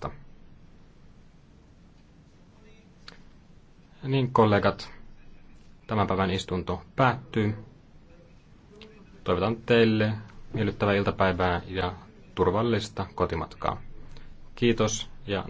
Puolasta. Niin kollegat, tämän päivän istunto päättyy. Toivotan teille miellyttävää iltapäivää ja turvallista kotimatkaa. Kiitos ja